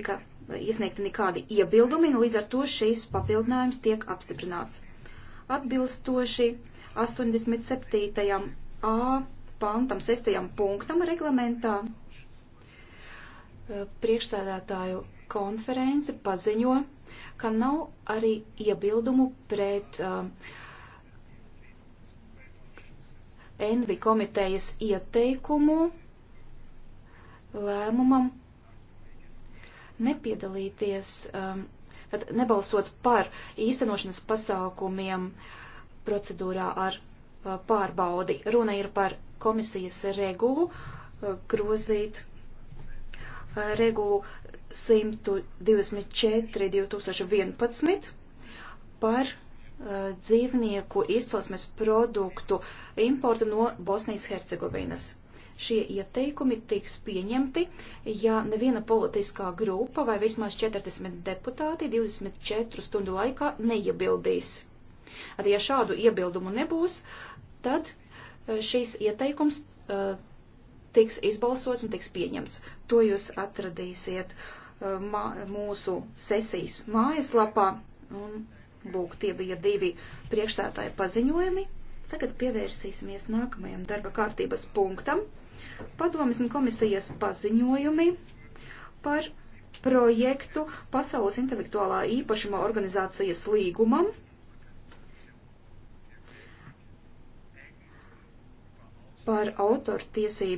tika iesniegti nekādi iebildumi, un līdz ar to šīs papildinājums tiek apstiprināts. Atbilstoši 87. A pantam, 6. punktam reglamentā eh, priekšsēdētāju konference paziņo, ka nav arī iebildumu pret uh, Envi komitejas ieteikumu lēmumam nepiedalīties, um, tad nebalsot par īstenošanas pasākumiem procedūrā ar uh, pārbaudi. Runa ir par komisijas regulu uh, grozīt uh, regulu 124 2011 par uh, dzīvnieku izcelsmes produktu importu no Bosnijas Hercegovinas. Šie ieteikumi tiks pieņemti, ja neviena politiskā grupa vai vismaz 40 deputāti 24 stundu laikā neiebildīs. Arī ja šādu iebildumu nebūs, tad e, šīs ieteikums uh, tiks izbalsots un tiks pieņemts. To jūs atradīsiet uh, e, mā, mūsu sesijas mājaslapā. Un, lūk, tie bija divi priekšstādāja paziņojumi. Tagad pievērsīsimies nākamajam darba kārtības punktam. Padomis un komisijas paziņojumi par projektu Pasaules intelektuālā īpašuma organizācijas līgumam. par autortiesību